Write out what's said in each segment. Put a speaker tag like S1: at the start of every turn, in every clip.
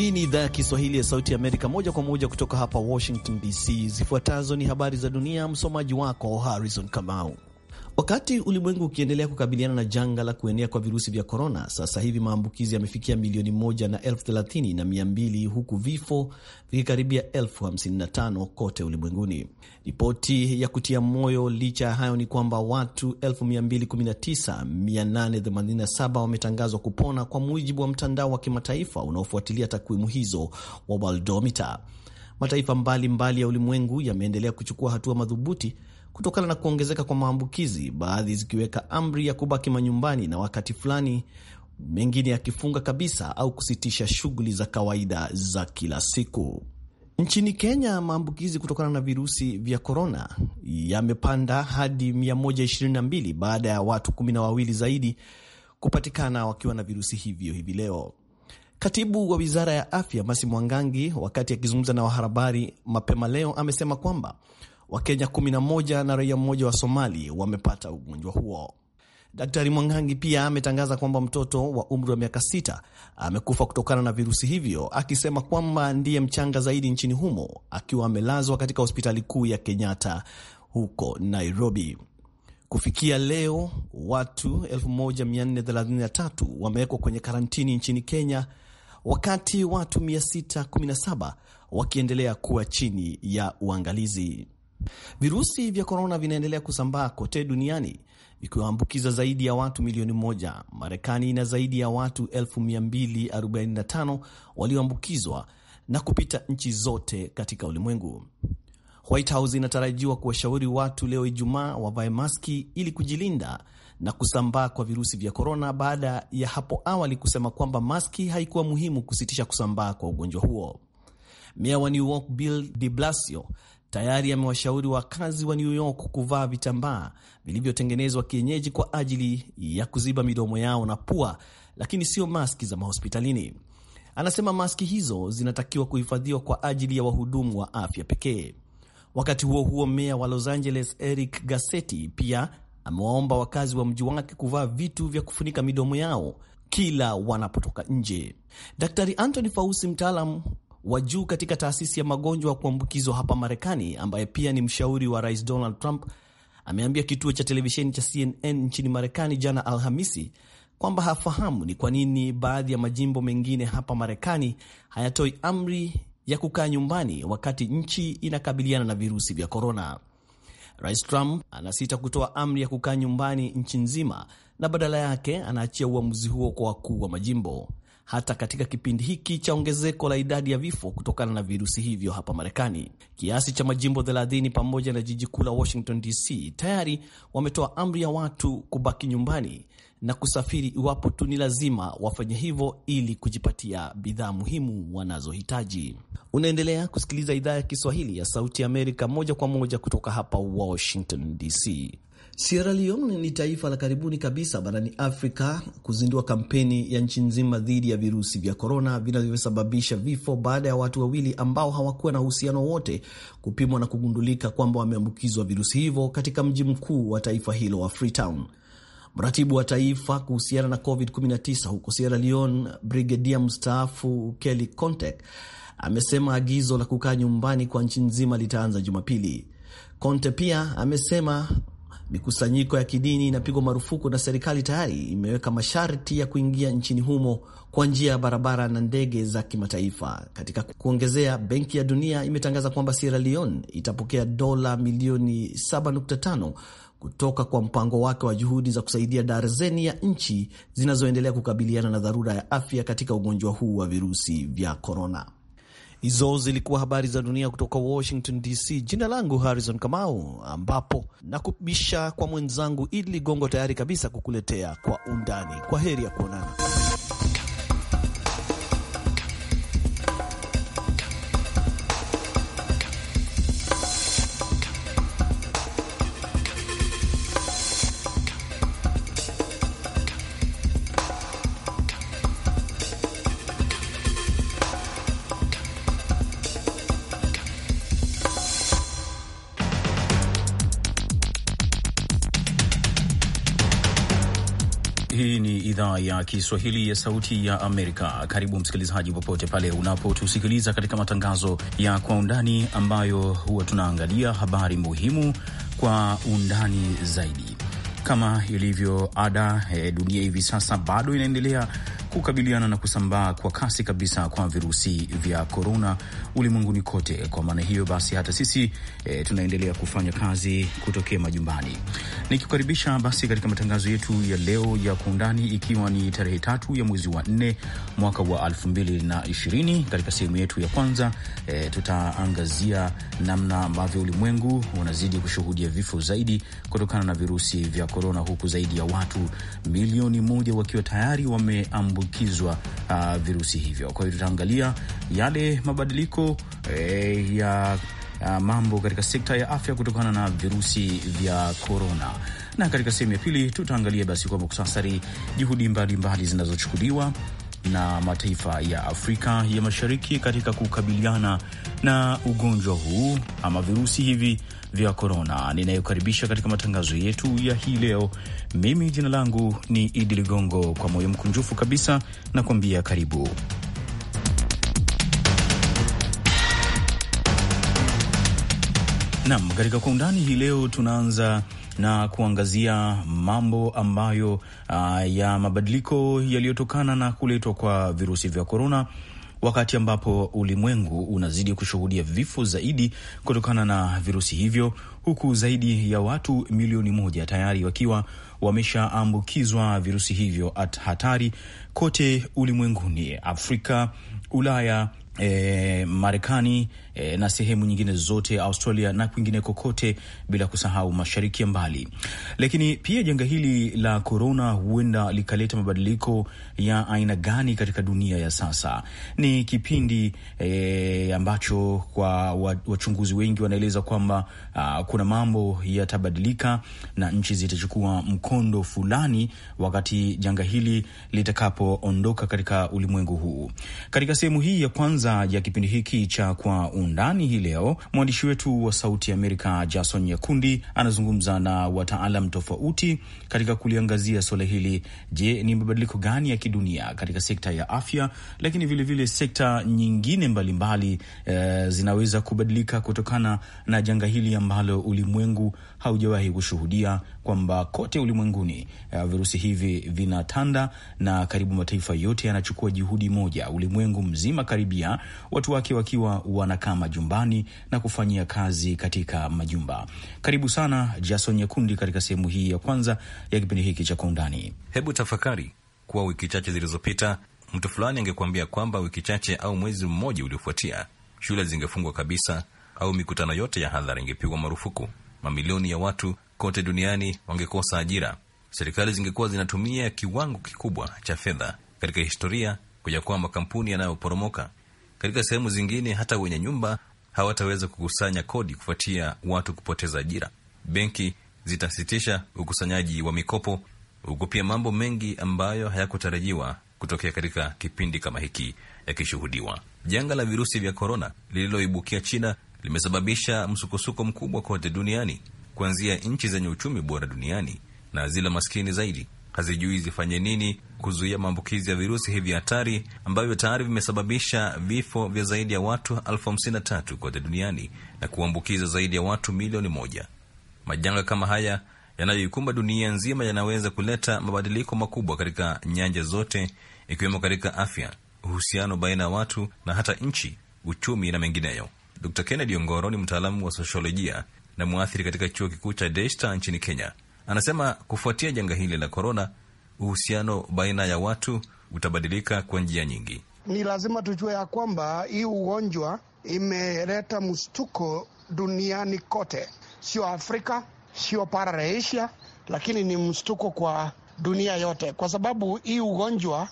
S1: Hii ni idhaa ya Kiswahili ya Sauti ya Amerika, moja kwa moja kutoka hapa Washington DC. Zifuatazo ni habari za dunia, msomaji wako Harrison Kamau. Wakati ulimwengu ukiendelea kukabiliana na janga la kuenea kwa virusi vya korona, sasa hivi maambukizi yamefikia milioni moja na elfu thelathini na mia mbili huku vifo vikikaribia elfu hamsini na tano kote ulimwenguni. Ripoti ya kutia moyo licha ya hayo ni kwamba watu 219887 wametangazwa kupona kwa mujibu wa mtandao wa kimataifa unaofuatilia takwimu hizo wa waldomita Mataifa mbalimbali mbali ya ulimwengu yameendelea kuchukua hatua madhubuti kutokana na kuongezeka kwa maambukizi, baadhi zikiweka amri ya kubaki manyumbani na wakati fulani mengine yakifunga kabisa au kusitisha shughuli za kawaida za kila siku. Nchini Kenya, maambukizi kutokana na virusi vya korona yamepanda hadi 122 baada ya watu kumi na wawili zaidi kupatikana wakiwa na virusi hivyo hivi leo. Katibu wa wizara ya afya Masi Mwangangi, wakati akizungumza na wahabari mapema leo, amesema kwamba Wakenya 11 na raia mmoja wa Somali wamepata ugonjwa huo. Daktari Mwangangi pia ametangaza kwamba mtoto wa umri wa miaka sita amekufa kutokana na virusi hivyo, akisema kwamba ndiye mchanga zaidi nchini humo, akiwa amelazwa katika hospitali kuu ya Kenyatta huko Nairobi. Kufikia leo watu 1433 wamewekwa kwenye karantini nchini Kenya, wakati watu 617 wakiendelea kuwa chini ya uangalizi. Virusi vya korona vinaendelea kusambaa kote duniani vikiwaambukiza zaidi ya watu milioni moja. Marekani ina zaidi ya watu 245 walioambukizwa na kupita nchi zote katika ulimwengu. White House inatarajiwa kuwashauri watu leo Ijumaa wavae maski ili kujilinda na kusambaa kwa virusi vya korona, baada ya hapo awali kusema kwamba maski haikuwa muhimu kusitisha kusambaa kwa ugonjwa huo. Meya wa New York Bill de Blasio tayari amewashauri wakazi wa New York kuvaa vitambaa vilivyotengenezwa kienyeji kwa ajili ya kuziba midomo yao na pua, lakini sio maski za mahospitalini. Anasema maski hizo zinatakiwa kuhifadhiwa kwa ajili ya wahudumu wa afya pekee. Wakati huo huo, meya wa Los Angeles Eric Garcetti pia amewaomba wakazi wa mji wake kuvaa vitu vya kufunika midomo yao kila wanapotoka nje. Daktari Anthony Fauci, mtaalam wa juu katika taasisi ya magonjwa ya kuambukizwa hapa Marekani, ambaye pia ni mshauri wa rais Donald Trump, ameambia kituo cha televisheni cha CNN nchini Marekani jana Alhamisi kwamba hafahamu ni kwa nini baadhi ya majimbo mengine hapa Marekani hayatoi amri ya kukaa nyumbani wakati nchi inakabiliana na virusi vya korona. Rais Trump anasita kutoa amri ya kukaa nyumbani nchi nzima na badala yake anaachia uamuzi huo kwa wakuu wa majimbo hata katika kipindi hiki cha ongezeko la idadi ya vifo kutokana na virusi hivyo hapa Marekani. Kiasi cha majimbo 30 pamoja na jiji kuu la Washington DC tayari wametoa amri ya watu kubaki nyumbani na kusafiri iwapo tu ni lazima wafanye hivyo ili kujipatia bidhaa muhimu wanazohitaji. Unaendelea kusikiliza idhaa ya Kiswahili ya Sauti ya Amerika moja kwa moja kutoka hapa Washington DC. Sierra Leone ni taifa la karibuni kabisa barani Afrika kuzindua kampeni ya nchi nzima dhidi ya virusi vya korona vinavyosababisha vifo baada ya watu wawili ambao hawakuwa na uhusiano wote kupimwa na kugundulika kwamba wameambukizwa virusi hivyo katika mji mkuu wa taifa hilo wa Freetown. Mratibu wa taifa kuhusiana na COVID-19 huko Sierra Leone, brigedia mstaafu Kelly Contek amesema agizo la kukaa nyumbani kwa nchi nzima litaanza Jumapili. Conte pia amesema Mikusanyiko ya kidini inapigwa marufuku na serikali tayari imeweka masharti ya kuingia nchini humo kwa njia ya barabara na ndege za kimataifa. Katika kuongezea, Benki ya Dunia imetangaza kwamba Sierra Leone itapokea dola milioni 7.5 kutoka kwa mpango wake wa juhudi za kusaidia darzeni ya nchi zinazoendelea kukabiliana na dharura ya afya katika ugonjwa huu wa virusi vya korona. Hizo zilikuwa habari za dunia kutoka Washington DC. Jina langu Harrison Kamau, ambapo nakubisha kwa mwenzangu Idi Ligongo, tayari kabisa kukuletea kwa undani. Kwa heri ya kuonana.
S2: ya Kiswahili ya Sauti ya Amerika. Karibu msikilizaji, popote pale unapotusikiliza katika matangazo ya Kwa Undani, ambayo huwa tunaangalia habari muhimu kwa undani zaidi. Kama ilivyo ada, eh, dunia hivi sasa bado inaendelea kukabiliana na kusambaa kwa kasi kabisa kwa virusi vya korona ulimwenguni kote. Kwa maana hiyo basi, hata sisi e, tunaendelea kufanya kazi kutokea majumbani, nikikukaribisha basi katika matangazo yetu ya leo ya kwa undani, ikiwa ni tarehe tatu ya mwezi wa nne mwaka wa elfu mbili na ishirini. Katika sehemu yetu ya kwanza e, tutaangazia namna ambavyo ulimwengu unazidi kushuhudia vifo zaidi kutokana na virusi vya korona, huku zaidi ya watu milioni moja wakiwa tayari wameambu kuambukizwa uh, virusi hivyo. Kwa hiyo tutaangalia yale mabadiliko eh, ya Uh, mambo katika sekta ya afya kutokana na virusi vya korona. Na katika sehemu ya pili tutaangalia basi kwa muktasari juhudi mbalimbali zinazochukuliwa na mataifa ya Afrika ya Mashariki katika kukabiliana na ugonjwa huu ama virusi hivi vya korona. Ninayokaribisha katika matangazo yetu ya hii leo, mimi jina langu ni Idi Ligongo, kwa moyo mkunjufu kabisa na kuambia karibu nam katika kwa undani hii leo. Tunaanza na kuangazia mambo ambayo uh, ya mabadiliko yaliyotokana na kuletwa kwa virusi vya korona wakati ambapo ulimwengu unazidi kushuhudia vifo zaidi kutokana na virusi hivyo, huku zaidi ya watu milioni moja tayari wakiwa wameshaambukizwa virusi hivyo at hatari kote ulimwenguni, Afrika, Ulaya E, Marekani e, na sehemu nyingine zote Australia na kwingine kokote, bila kusahau mashariki ya mbali. Lakini pia janga hili la korona huenda likaleta mabadiliko ya aina gani katika dunia ya sasa? Ni kipindi e, ambacho kwa wachunguzi wengi wanaeleza kwamba a, ah, kuna mambo yatabadilika na nchi zitachukua mkondo fulani wakati janga hili litakapoondoka katika ulimwengu huu. Katika sehemu hii ya kwanza meza ya kipindi hiki cha Kwa Undani hii leo, mwandishi wetu wa Sauti ya Amerika Jason Nyakundi anazungumza na wataalam tofauti katika kuliangazia suala hili. Je, ni mabadiliko gani ya kidunia katika sekta ya afya, lakini vilevile vile sekta nyingine mbalimbali mbali, eh, e, zinaweza kubadilika kutokana na janga hili ambalo ulimwengu haujawahi kushuhudia kwamba kote ulimwenguni uh, virusi hivi vinatanda na karibu mataifa yote yanachukua juhudi moja, ulimwengu mzima karibia, watu wake wakiwa wanakaa majumbani na kufanyia kazi katika majumba. Karibu sana Jason Nyekundi katika sehemu hii ya kwanza ya kipindi hiki cha Kwa Undani.
S3: Hebu tafakari kuwa wiki chache zilizopita mtu fulani angekuambia kwamba wiki chache au mwezi mmoja uliofuatia shule zingefungwa kabisa au mikutano yote ya hadhara ingepigwa marufuku, mamilioni ya watu kote duniani wangekosa ajira. Serikali zingekuwa zinatumia kiwango kikubwa cha fedha katika historia kuwa makampuni yanayoporomoka. Katika sehemu zingine, hata wenye nyumba hawataweza kukusanya kodi kufuatia watu kupoteza ajira. Benki zitasitisha ukusanyaji wa mikopo, huku pia mambo mengi ambayo hayakutarajiwa kutokea katika kipindi kama hiki yakishuhudiwa. Janga la virusi vya korona lililoibukia China limesababisha msukosuko mkubwa kote duniani kuanzia nchi zenye uchumi bora duniani na zile maskini zaidi hazijui zifanye nini kuzuia maambukizi ya virusi hivi hatari ambavyo tayari vimesababisha vifo vya zaidi ya watu elfu hamsini na tatu kote duniani na kuambukiza zaidi ya watu milioni moja. Majanga kama haya yanayoikumba dunia nzima yanaweza kuleta mabadiliko makubwa katika nyanja zote, ikiwemo katika afya, uhusiano baina ya watu na hata nchi, uchumi na mengineyo. Dr Kennedy Ongoro ni mtaalamu wa sosiolojia na mwathiri katika chuo kikuu cha Desta nchini Kenya, anasema kufuatia janga hili la korona, uhusiano baina ya watu utabadilika kwa njia nyingi.
S4: Ni lazima tujue ya kwamba hii ugonjwa imeleta mshtuko duniani kote, sio Afrika, sio bara Asia, lakini ni mshtuko kwa dunia yote, kwa sababu hii ugonjwa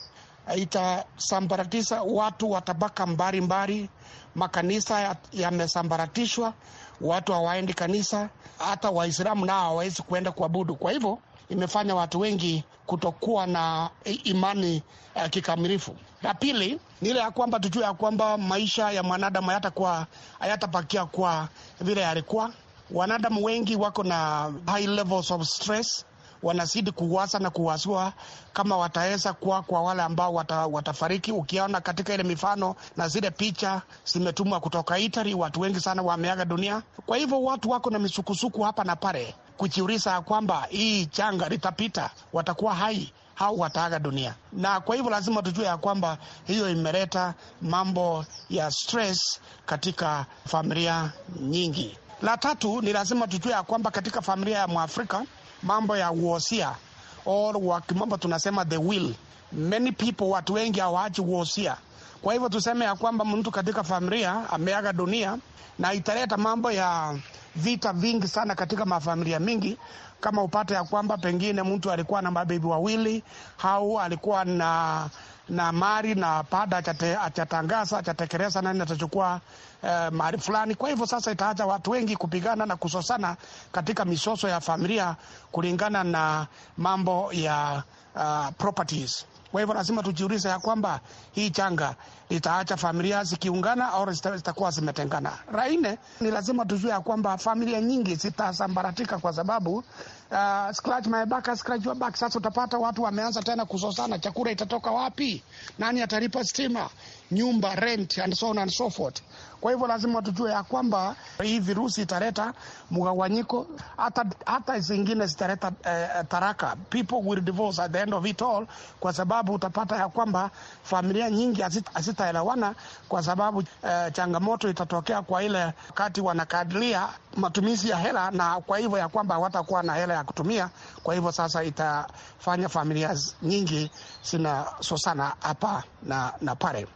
S4: itasambaratisha watu wa tabaka mbalimbali. Makanisa yamesambaratishwa ya watu hawaendi kanisa, hata Waislamu nao hawawezi kuenda kuabudu. Kwa hivyo imefanya watu wengi kutokuwa na imani uh, kikamilifu. La pili ni ile ya kwamba tujue ya kwamba maisha ya mwanadamu hayatakuwa hayatapakia kwa vile yalikuwa. Wanadamu wengi wako na high levels of stress wanazidi kuwasa na kuwasua kama wataweza kuwa kwa wale ambao wata, watafariki. Ukiona katika ile mifano na zile picha zimetumwa kutoka Itali, watu wengi sana wameaga dunia. Kwa hivyo watu wako na misukusuku hapa na pale kujiuliza kwamba hii changa litapita, watakuwa hai au wataaga dunia. Na kwa hivyo lazima tujue ya kwamba hiyo imeleta mambo ya stress katika familia nyingi. La tatu ni lazima tujue ya kwamba katika familia ya Mwafrika mambo ya uosia or wa kimombo tunasema the will. Many people, watu wengi hawaachi uosia. Kwa hivyo tuseme ya kwamba mtu katika familia ameaga dunia, na italeta mambo ya vita vingi sana katika mafamilia mingi, kama upate ya kwamba pengine mtu alikuwa na mabebi wawili au alikuwa na na mari na baada achatangaza achatekeleza nani atachukua eh, mari fulani. Kwa hivyo sasa itaacha watu wengi kupigana na kusosana katika misoso ya familia kulingana na mambo ya uh, properties. Kwa hivyo lazima tujiulize ya kwamba hii changa itaacha familia zikiungana au zitakuwa zimetengana. La nne ni lazima tujue ya kwamba familia nyingi zitasambaratika kwa sababu uh, scratch my back, scratch your back. Sasa utapata watu wameanza tena kusosana, chakula itatoka wapi? Nani atalipa stima, nyumba, rent and so on and so forth. Kwa hivyo lazima tujue ya kwamba hii virusi italeta mgawanyiko, hata hata zingine zitaleta uh, taraka, people will divorce at the end of it all, kwa sababu utapata ya kwamba familia nyingi hazita hazitaelewana kwa sababu eh, changamoto itatokea kwa ile wakati wanakadilia matumizi ya hela, na kwa hivyo ya kwamba hawatakuwa na hela ya kutumia. Kwa hivyo sasa itafanya familia nyingi zinasosana hapa na, na pale.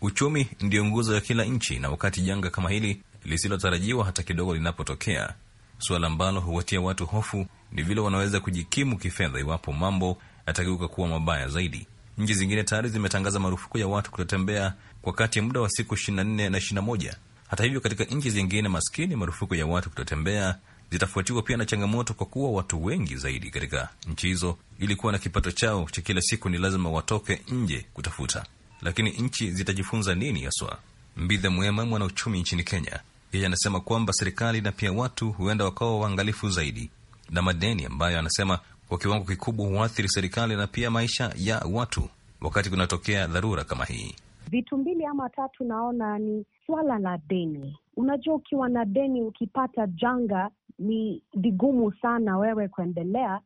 S3: Uchumi ndio nguzo ya kila nchi, na wakati janga kama hili lisilotarajiwa hata kidogo linapotokea, suala ambalo huwatia watu hofu ni vile wanaweza kujikimu kifedha iwapo mambo yatageuka kuwa mabaya zaidi. Nchi zingine tayari zimetangaza marufuku ya watu kutotembea kwa kati ya muda wa siku 24 na 21. Hata hivyo, katika nchi zingine maskini, marufuku ya watu kutotembea zitafuatiwa pia na changamoto, kwa kuwa watu wengi zaidi katika nchi hizo ili kuwa na kipato chao cha kila siku ni lazima watoke nje kutafuta. Lakini nchi zitajifunza nini haswa? Mbithe Mwema, mwanauchumi nchini Kenya, yeye anasema kwamba serikali na pia watu huenda wakawa waangalifu zaidi na madeni ambayo anasema kwa kiwango kikubwa huathiri serikali na pia maisha ya watu wakati kunatokea dharura kama hii.
S5: Vitu mbili ama tatu, naona ni swala la deni. Unajua, ukiwa na deni, ukipata janga, ni vigumu sana wewe kuendelea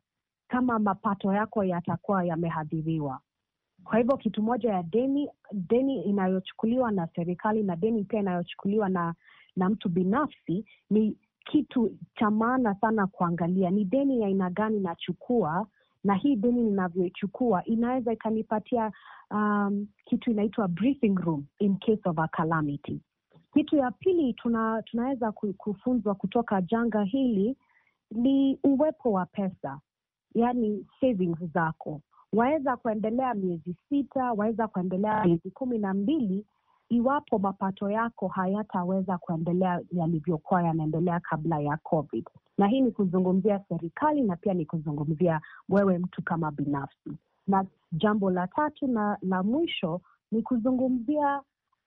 S5: kama mapato yako yatakuwa yamehadhiriwa. Kwa hivyo kitu moja ya deni, deni inayochukuliwa na serikali na deni pia inayochukuliwa na na mtu binafsi ni kitu cha maana sana kuangalia ni deni ya aina gani nachukua na hii deni ninavyoichukua inaweza ikanipatia um, kitu inaitwa briefing room in case of a calamity kitu ya pili tuna, tunaweza kufunzwa kutoka janga hili ni uwepo wa pesa yani savings zako waweza kuendelea miezi sita waweza kuendelea miezi kumi na mbili iwapo mapato yako hayataweza kuendelea yalivyokuwa yanaendelea kabla ya COVID. Na hii ni kuzungumzia serikali na pia ni kuzungumzia wewe mtu kama binafsi. Na jambo la tatu na la mwisho ni kuzungumzia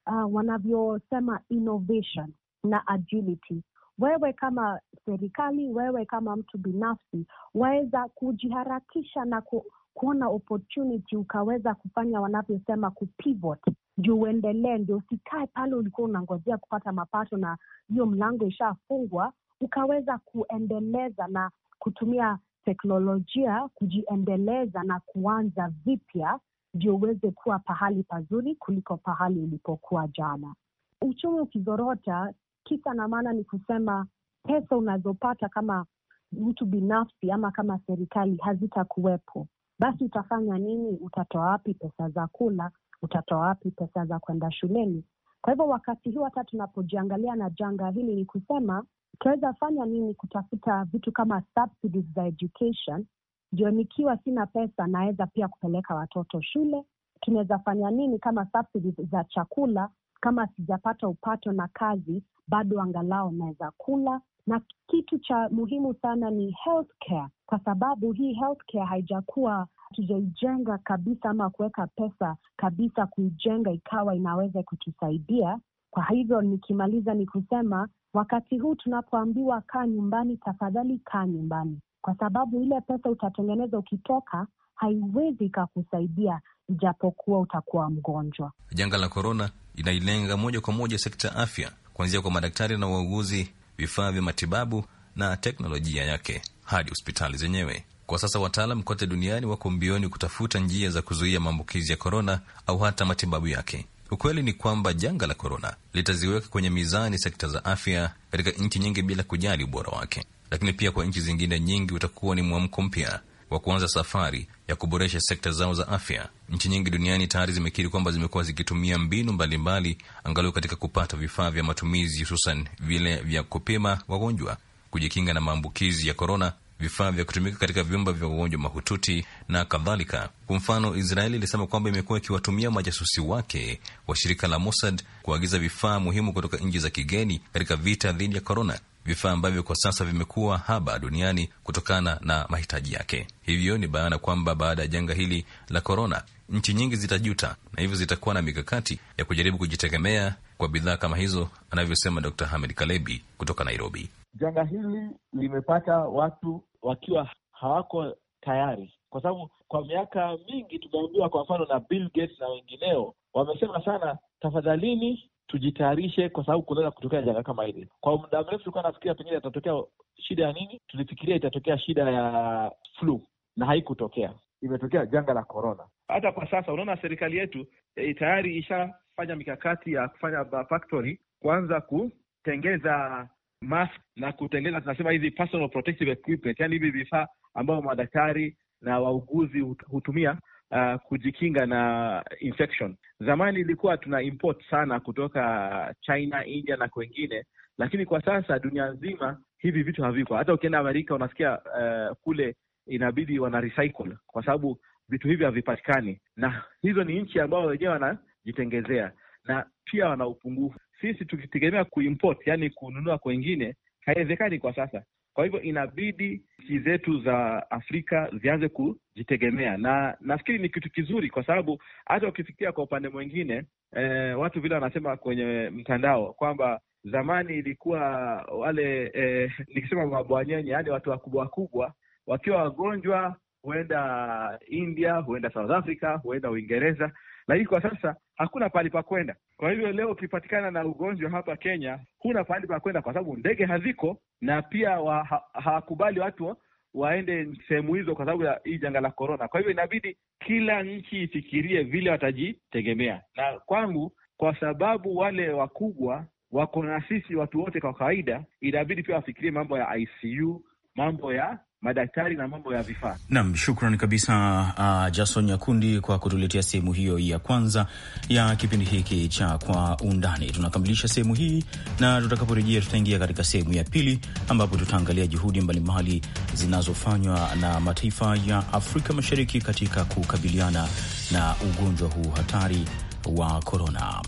S5: uh, wanavyosema innovation na agility. Wewe kama serikali, wewe kama mtu binafsi, waweza kujiharakisha na ku, kuona opportunity, ukaweza kufanya wanavyosema kupivot ndio uendelee, ndio usikae pale ulikuwa unangojea kupata mapato na hiyo mlango ishafungwa, ukaweza kuendeleza na kutumia teknolojia kujiendeleza na kuanza vipya, ndio uweze kuwa pahali pazuri kuliko pahali ulipokuwa jana. Uchumi ukizorota, kisa na maana ni kusema pesa unazopata kama mtu binafsi ama kama serikali hazitakuwepo, basi utafanya nini? Utatoa wapi pesa za kula? utatoa wapi pesa za kwenda shuleni? Kwa hivyo wakati huu hata tunapojiangalia na janga hili, ni kusema tunaweza fanya nini kutafuta vitu kama subsidies za education, ndio nikiwa sina pesa naweza pia kupeleka watoto shule. Tunaweza fanya nini kama subsidies za chakula, kama sijapata upato na kazi bado angalau naweza kula. Na kitu cha muhimu sana ni healthcare, kwa sababu hii healthcare haijakuwa hatujaijenga kabisa ama kuweka pesa kabisa kuijenga ikawa inaweza kutusaidia. Kwa hivyo nikimaliza ni kusema wakati huu tunapoambiwa kaa nyumbani, tafadhali kaa nyumbani, kwa sababu ile pesa utatengeneza ukitoka haiwezi ikakusaidia ijapokuwa utakuwa mgonjwa.
S3: Janga la korona inailenga moja kwa moja sekta ya afya, kuanzia kwa madaktari na wauguzi, vifaa vya matibabu na teknolojia yake hadi hospitali zenyewe. Kwa sasa wataalam kote duniani wako mbioni kutafuta njia za kuzuia maambukizi ya korona au hata matibabu yake. Ukweli ni kwamba janga la korona litaziweka kwenye mizani sekta za afya katika nchi nyingi bila kujali ubora wake, lakini pia kwa nchi zingine nyingi utakuwa ni mwamko mpya wa kuanza safari ya kuboresha sekta zao za afya. Nchi nyingi duniani tayari zimekiri kwamba zimekuwa zikitumia mbinu mbalimbali angalau katika kupata vifaa vya matumizi, hususan vile vya kupima wagonjwa, kujikinga na maambukizi ya korona vifaa vya kutumika katika vyumba vya wagonjwa mahututi na kadhalika. Kwa mfano, Israeli ilisema kwamba imekuwa ikiwatumia majasusi wake wa shirika la Mossad kuagiza vifaa muhimu kutoka nchi za kigeni katika vita dhidi ya korona, vifaa ambavyo kwa sasa vimekuwa haba duniani kutokana na mahitaji yake. Hivyo ni bayana kwamba baada ya janga hili la korona, nchi nyingi zitajuta na hivyo zitakuwa na mikakati ya kujaribu kujitegemea kwa bidhaa kama hizo, anavyosema Dr Hamed Kalebi kutoka Nairobi.
S6: Janga hili limepata watu wakiwa hawako tayari, kwa sababu kwa miaka mingi tumeambiwa, kwa mfano na Bill Gates na wengineo, wamesema sana, tafadhalini tujitayarishe, kwa sababu kunaweza kutokea janga kama hili. Kwa muda mrefu tulikuwa nafikiria pengine itatokea shida ya nini, tulifikiria itatokea shida ya flu na haikutokea, imetokea janga la korona. Hata kwa sasa unaona serikali yetu e, tayari ishafanya mikakati ya kufanya factory kuanza kutengeza mask na kutengeneza tunasema hizi personal protective equipment, yani hivi vifaa ambavyo madaktari na wauguzi hutumia uh, kujikinga na infection. Zamani ilikuwa tuna import sana kutoka China, India na kwengine, lakini kwa sasa dunia nzima hivi vitu haviko. Hata ukienda Amerika unasikia uh, kule inabidi wana recycle kwa sababu vitu hivi havipatikani, na hizo ni nchi ambao wenyewe wanajitengezea na pia wana upungufu sisi tukitegemea kuimport, yani kununua kwengine, haiwezekani kwa sasa. Kwa hivyo inabidi nchi zetu za Afrika zianze kujitegemea, na nafikiri ni kitu kizuri, kwa sababu hata ukifikia kwa upande mwingine eh, watu vile wanasema kwenye mtandao kwamba zamani ilikuwa wale eh, nikisema mabwanyenye, yani watu wakubwa wakubwa wakiwa wagonjwa huenda India, huenda South Africa, huenda Uingereza, lakini kwa sasa hakuna pahali pa kwenda. Kwa hivyo leo ukipatikana na ugonjwa hapa Kenya, huna pahali pa kwenda, kwa sababu ndege haziko na pia wa, ha, hawakubali watu waende sehemu hizo kwa sababu ya hii janga la korona. Kwa hivyo inabidi kila nchi ifikirie vile watajitegemea, na kwangu, kwa sababu wale wakubwa wako na sisi watu wote kwa kawaida, inabidi pia wafikirie mambo ya ICU, mambo ya madaktari na mambo ya vifaa.
S2: Naam, shukran kabisa uh, Jason Nyakundi kwa kutuletea sehemu hiyo ya kwanza ya kipindi hiki cha Kwa Undani. Tunakamilisha sehemu hii na tutakaporejea, tutaingia katika sehemu ya pili ambapo tutaangalia juhudi mbalimbali zinazofanywa na mataifa ya Afrika Mashariki katika kukabiliana na ugonjwa huu hatari wa korona.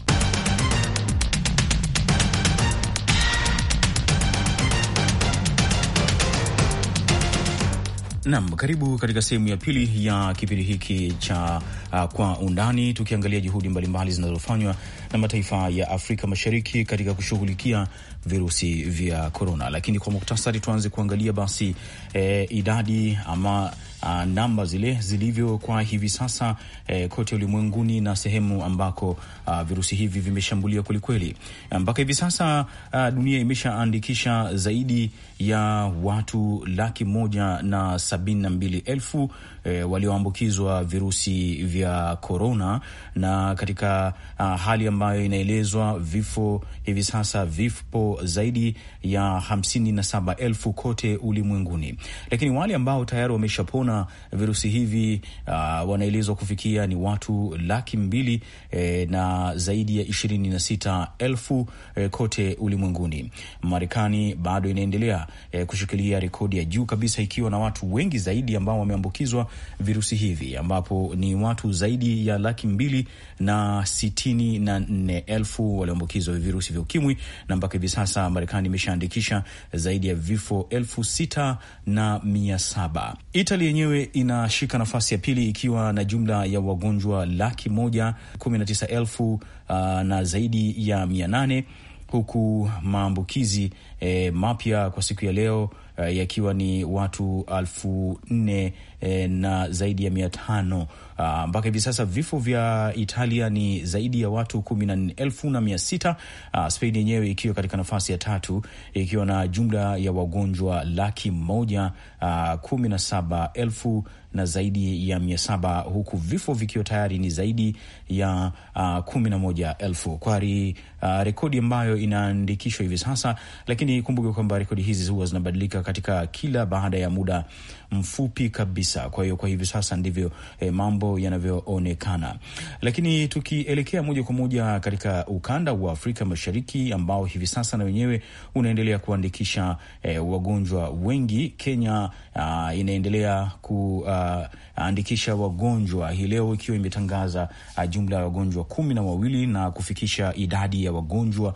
S2: Nam, karibu katika sehemu ya pili ya kipindi hiki cha uh, kwa undani, tukiangalia juhudi mbalimbali zinazofanywa na mataifa ya Afrika Mashariki katika kushughulikia virusi vya korona. Lakini kwa muktasari, tuanze kuangalia basi eh, idadi ama uh, namba zile zilivyo kwa hivi sasa eh, kote ulimwenguni na sehemu ambako uh, virusi hivi vimeshambulia kwelikweli. Ah, mpaka hivi sasa uh, dunia imeshaandikisha zaidi ya watu laki moja na sabini na mbili elfu eh, walioambukizwa virusi vya korona, na katika uh, hali ambayo inaelezwa vifo hivi sasa vipo zaidi ya hamsini na saba elfu kote ulimwenguni, lakini wale ambao tayari wameshapona kupona virusi hivi uh, wanaelezwa kufikia ni watu laki mbili eh, na zaidi ya ishirini na sita elfu eh, kote ulimwenguni. Marekani bado inaendelea eh, kushikilia rekodi ya juu kabisa ikiwa na watu wengi zaidi ambao wameambukizwa virusi hivi ambapo ni watu zaidi ya laki mbili na sitini na nne elfu walioambukizwa virusi vya ukimwi, na mpaka hivi sasa Marekani imeshaandikisha zaidi ya vifo elfu sita na mia saba. Itali yenyewe inashika nafasi ya pili ikiwa na jumla ya wagonjwa laki moja kumi na tisa elfu uh, na zaidi ya mia nane huku maambukizi eh, mapya kwa siku ya leo uh, yakiwa ni watu alfu nne eh, na zaidi ya mia tano ah, mpaka uh, hivi sasa vifo vya Italia ni zaidi ya watu kumi na nne elfu na mia sita uh, Spain yenyewe ikiwa katika nafasi ya tatu ikiwa na jumla ya wagonjwa laki moja uh, kumi na saba elfu na zaidi ya mia saba huku vifo vikiwa tayari ni zaidi ya uh, kumi na moja elfu kwa ri, uh, rekodi ambayo inaandikishwa hivi sasa, lakini kumbuke kwamba rekodi hizi huwa zinabadilika katika kila baada ya muda mfupi kabisa. Kwa hiyo kwa hivi sasa ndivyo e, mambo yanavyoonekana, lakini tukielekea moja kwa moja katika ukanda wa Afrika Mashariki ambao hivi sasa na wenyewe unaendelea kuandikisha e, wagonjwa wengi. Kenya a, ah, inaendelea kuandikisha ah, wagonjwa hii leo ikiwa imetangaza ah, jumla ya wagonjwa kumi na wawili na kufikisha idadi ya wagonjwa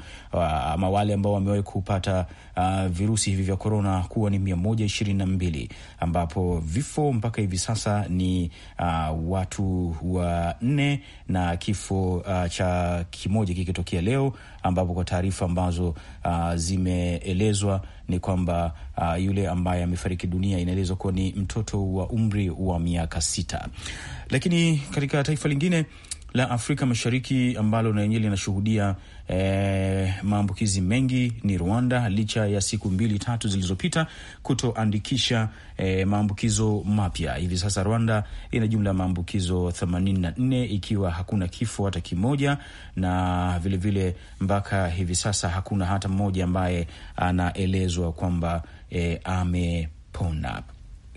S2: ama wale ambao wamewahi kupata uh, virusi hivi vya korona kuwa ni mia moja ishirini na mbili ambapo vifo mpaka hivi sasa ni uh, watu wanne na kifo uh, cha kimoja kikitokea leo, ambapo kwa taarifa ambazo uh, zimeelezwa ni kwamba uh, yule ambaye amefariki dunia inaelezwa kuwa ni mtoto wa umri wa miaka sita. Lakini katika taifa lingine la Afrika Mashariki ambalo na lenyewe linashuhudia e, maambukizi mengi ni Rwanda, licha ya siku mbili tatu zilizopita kutoandikisha e, maambukizo mapya. Hivi sasa Rwanda ina jumla ya maambukizo 84 ikiwa hakuna kifo hata kimoja, na vilevile vile mpaka hivi sasa hakuna hata mmoja ambaye anaelezwa kwamba e, amepona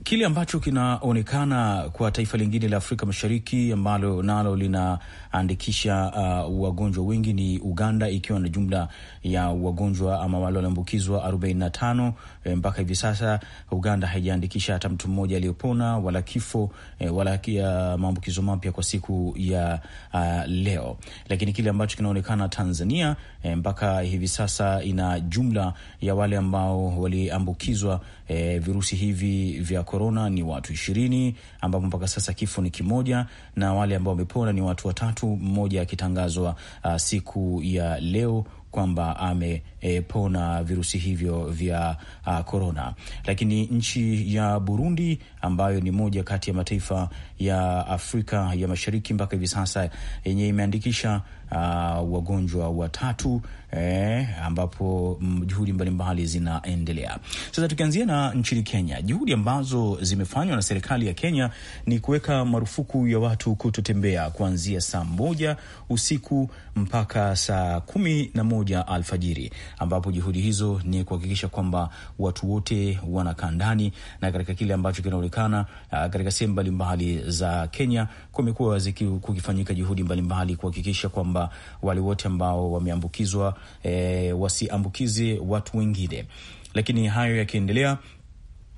S2: kile ambacho kinaonekana kwa taifa lingine la Afrika Mashariki ambalo nalo linaandikisha uh, wagonjwa wengi ni Uganda, ikiwa na jumla ya wagonjwa ama wale walioambukizwa 45 e, eh, mpaka hivi sasa Uganda haijaandikisha hata mtu mmoja aliyopona wala kifo e, wala uh, maambukizo mapya kwa siku ya uh, leo. Lakini kile ambacho kinaonekana Tanzania e, mpaka hivi sasa ina jumla ya wale ambao waliambukizwa e, virusi hivi vya korona ni watu ishirini, ambapo mpaka sasa kifo ni kimoja na wale ambao wamepona ni watu watatu, mmoja akitangazwa ah, siku ya leo kwamba amepona eh, e, virusi hivyo vya korona. Ah, Lakini nchi ya Burundi ambayo ni moja kati ya mataifa ya Afrika ya Mashariki mpaka hivi sasa yenye imeandikisha uh, wagonjwa watatu eh, ambapo juhudi mbalimbali zinaendelea. Sasa tukianzia na nchini Kenya, juhudi ambazo zimefanywa na serikali ya Kenya ni kuweka marufuku ya watu kutotembea kuanzia saa moja usiku mpaka saa kumi na moja alfajiri, ambapo juhudi hizo ni kuhakikisha kwamba watu wote wanakaa ndani na katika kile ambacho kinaonekana uh, katika sehemu mbalimbali za Kenya kumekuwa kukifanyika juhudi mbalimbali kuhakikisha kwamba kwamba wale wote ambao wameambukizwa e, wasiambukize watu wengine. Lakini hayo yakiendelea,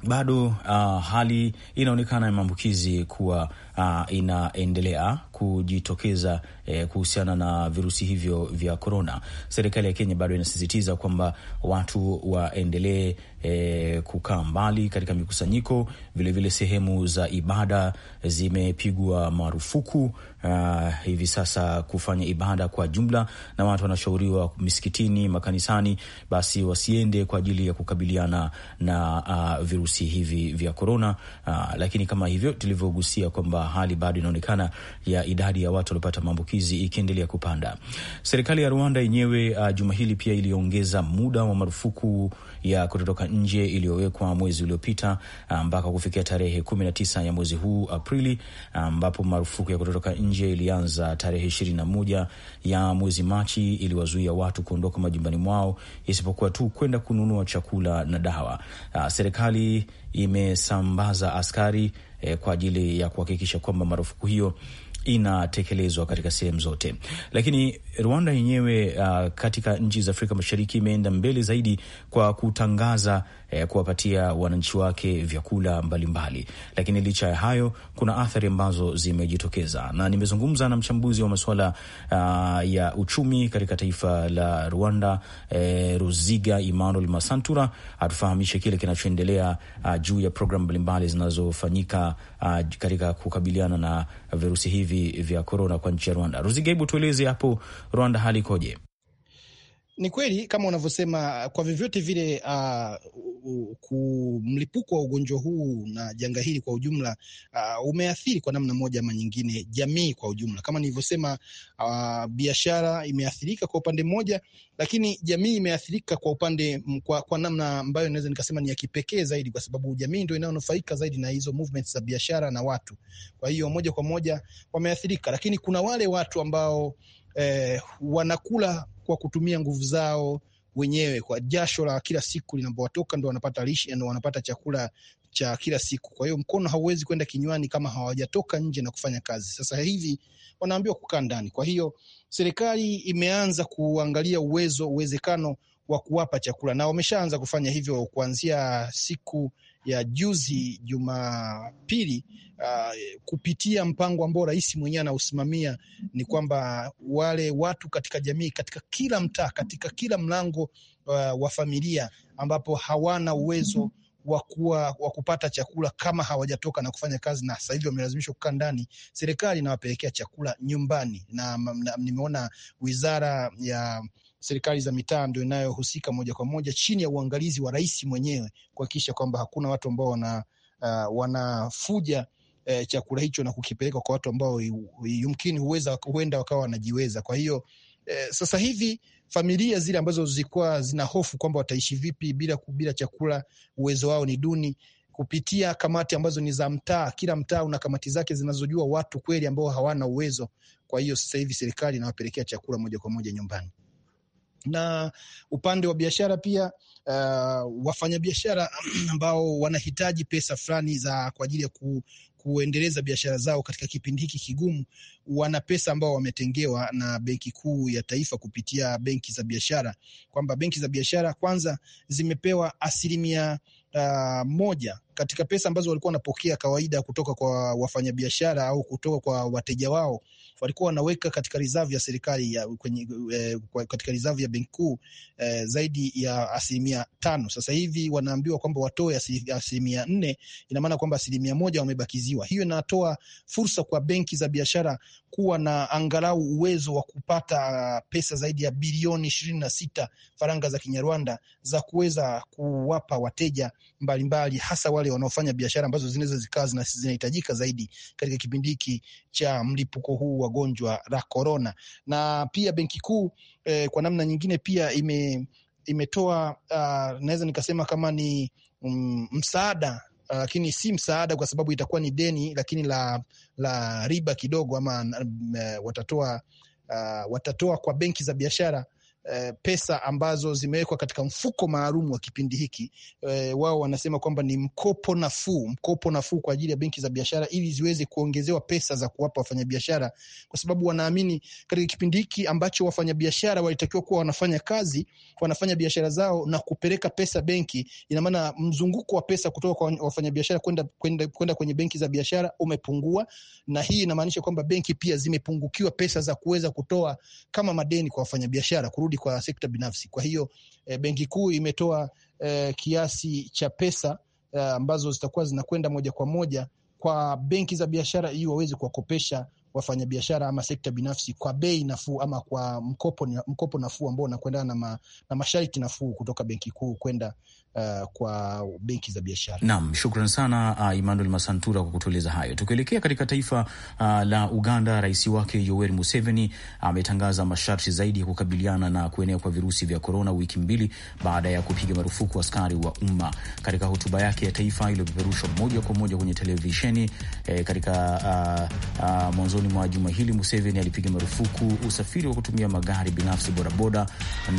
S2: bado uh, hali inaonekana ya maambukizi kuwa uh, inaendelea kujitokeza eh, kuhusiana na virusi hivyo vya korona, serikali ya Kenya bado inasisitiza kwamba watu waendelee eh, kukaa mbali katika mikusanyiko. Vilevile vile sehemu za ibada zimepigwa marufuku Uh, hivi sasa kufanya ibada kwa jumla, na watu wanashauriwa misikitini, makanisani, basi wasiende kwa ajili ya kukabiliana na uh, virusi hivi vya korona uh, lakini kama hivyo tulivyogusia kwamba hali bado inaonekana ya idadi ya watu waliopata maambukizi ikiendelea kupanda. Serikali ya Rwanda yenyewe uh, juma hili pia iliongeza muda wa marufuku ya kutotoka nje iliyowekwa mwezi uliopita uh, mpaka um, kufikia tarehe kumi na tisa ya mwezi huu Aprili, uh, ambapo um, marufuku ya kutotoka nje ilianza tarehe ishirini na moja ya mwezi Machi, iliwazuia watu kuondoka majumbani mwao isipokuwa tu kwenda kununua chakula na dawa. Uh, serikali imesambaza askari eh, kwa ajili ya kuhakikisha kwamba marufuku hiyo inatekelezwa katika sehemu zote, lakini Rwanda yenyewe uh, katika nchi za Afrika Mashariki imeenda mbele zaidi kwa kutangaza eh, kuwapatia wananchi wake vyakula mbalimbali, lakini licha ya hayo kuna athari ambazo zimejitokeza, na nimezungumza na mchambuzi wa masuala uh, ya uchumi katika taifa la Rwanda eh, Ruziga Emmanuel Masantura atufahamishe kile kinachoendelea uh, juu ya programu mbalimbali zinazofanyika uh, katika kukabiliana na virusi hivi vya korona kwa nchi ya Rwanda. Ruziga, hebu tueleze hapo Rwanda ikoje?
S7: Ni kweli kama unavyosema, kwa vyovyote vile ah, uh, kumlipuko wa ugonjwa huu na janga hili kwa ujumla uh, umeathiri kwa namna moja ama nyingine jamii kwa ujumla. Kama nilivyosema, uh, biashara imeathirika kwa upande mmoja, lakini jamii imeathirika kwa upande kwa, kwa namna ambayo naweza nikasema ni ya kipekee zaidi, kwa sababu jamii ndio inayonufaika zaidi na hizo movements za biashara na watu. Kwa hiyo moja kwa moja wameathirika, lakini kuna wale watu ambao eh, wanakula kwa kutumia nguvu zao wenyewe kwa jasho la kila siku linapowatoka ndo wanapata lishe, ndo wanapata chakula cha kila siku. Kwa hiyo mkono hauwezi kwenda kinywani kama hawajatoka nje na kufanya kazi. Sasa hivi wanaambiwa kukaa ndani. Kwa hiyo serikali imeanza kuangalia uwezo uwezekano wa kuwapa chakula na wameshaanza kufanya hivyo kuanzia siku ya juzi Jumapili uh, kupitia mpango ambao rais mwenyewe anausimamia, ni kwamba wale watu katika jamii, katika kila mtaa, katika kila mlango uh, wa familia ambapo hawana uwezo wa kuwa wa kupata chakula kama hawajatoka na kufanya kazi na sasa hivi wamelazimishwa kukaa ndani, serikali inawapelekea chakula nyumbani, na nimeona wizara ya serikali za mitaa ndio inayohusika moja kwa moja chini ya uangalizi wa rais mwenyewe kuhakikisha kwamba hakuna watu ambao wana uh, wanafuja eh, chakula hicho na kukipeleka kwa watu ambao yumkini huweza huenda wakawa wanajiweza. Kwa hiyo eh, sasa hivi familia zile ambazo zilikuwa zina hofu kwamba wataishi vipi bila bila chakula, uwezo wao ni duni kupitia kamati ambazo ni za mtaa. Kila mtaa una kamati zake zinazojua watu kweli ambao hawana uwezo. Kwa hiyo sasa hivi serikali inawapelekea chakula moja kwa moja nyumbani na upande wa biashara pia uh, wafanyabiashara ambao wanahitaji pesa fulani za kwa ajili ya ku, kuendeleza biashara zao katika kipindi hiki kigumu, wana pesa ambao wametengewa na Benki Kuu ya Taifa kupitia benki za biashara, kwamba benki za biashara kwanza zimepewa asilimia uh, moja katika pesa ambazo walikuwa wanapokea kawaida kutoka kwa wafanyabiashara au kutoka kwa wateja wao, walikuwa wanaweka katika reserve ya serikali ya, kwenye, eh, katika reserve ya benki kuu eh, zaidi ya asilimia tano. Sasa hivi wanaambiwa kwamba watoe asilimia nne, ina maana kwamba asilimia moja wamebakiziwa. Hiyo inatoa fursa kwa benki za biashara kuwa na angalau uwezo wa kupata pesa zaidi ya bilioni ishirini na sita faranga za Kinyarwanda za kuweza kuwapa wateja mbalimbali mbali, hasa wale wanaofanya biashara ambazo zinaweza zikawa zinahitajika zaidi katika kipindi hiki cha mlipuko huu wa gonjwa la korona. Na pia benki kuu eh, kwa namna nyingine pia ime, imetoa uh, naweza nikasema kama ni um, msaada lakini uh, si msaada kwa sababu itakuwa ni deni, lakini la, la riba kidogo ama uh, watatoa uh, watatoa kwa benki za biashara Eh, pesa ambazo zimewekwa katika mfuko maalum wa kipindi hiki E, wao wanasema kwamba ni mkopo nafuu, mkopo nafuu kwa ajili ya benki za biashara ili ziweze kuongezewa pesa za kuwapa wafanyabiashara, kwa sababu wanaamini katika kipindi hiki ambacho wafanyabiashara walitakiwa kuwa wanafanya kazi, wanafanya biashara zao na kupeleka pesa benki, ina maana mzunguko wa pesa kutoka kwa wafanyabiashara kwenda kwenda kwenda kwenye benki za biashara umepungua, na hii inamaanisha kwamba benki pia zimepungukiwa pesa za kuweza kutoa kama madeni kwa wafanyabiashara kurudi kwa sekta binafsi. Kwa hiyo e, benki kuu imetoa e, kiasi cha pesa e, ambazo zitakuwa zinakwenda moja kwa moja kwa benki za biashara ili waweze kuwakopesha wafanyabiashara ama sekta binafsi kwa bei nafuu ama kwa mkopo, mkopo nafuu ambao unakwendana na, ma, na masharti nafuu kutoka benki kuu kwenda uh, kwa benki za biashara. Naam,
S2: shukran sana uh, Emmanuel Masantura kwa kutueleza hayo. Tukielekea katika taifa uh, la Uganda, rais wake Yoweri Museveni ametangaza uh, masharti zaidi ya kukabiliana na kuenea kwa virusi vya korona, wiki mbili baada ya kupiga marufuku askari wa umma. Katika hotuba yake ya taifa iliyopeperushwa moja kwa moja kwenye televisheni eh, katika uh, uh, mwanzoni mwa juma hili, Museveni alipiga marufuku usafiri wa kutumia magari binafsi, bodaboda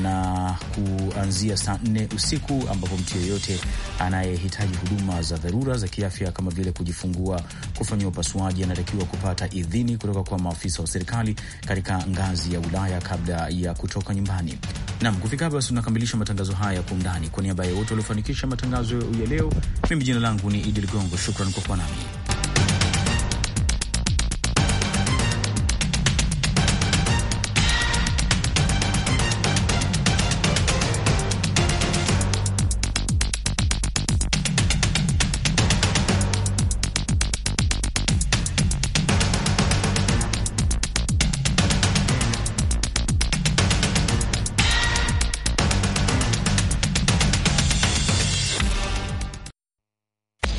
S2: na kuanzia saa nne usiku ambapo mtu yeyote anayehitaji huduma za dharura za kiafya kama vile kujifungua, kufanyiwa upasuaji, anatakiwa kupata idhini kutoka kwa maafisa wa serikali katika ngazi ya ulaya kabla ya kutoka nyumbani. Nam kufika hapa basi, tunakamilisha matangazo haya ya kwa undani. Kwa niaba ya wote waliofanikisha matangazo ya leo, mimi jina langu ni Idi Ligongo, shukran kwa kuwa nami.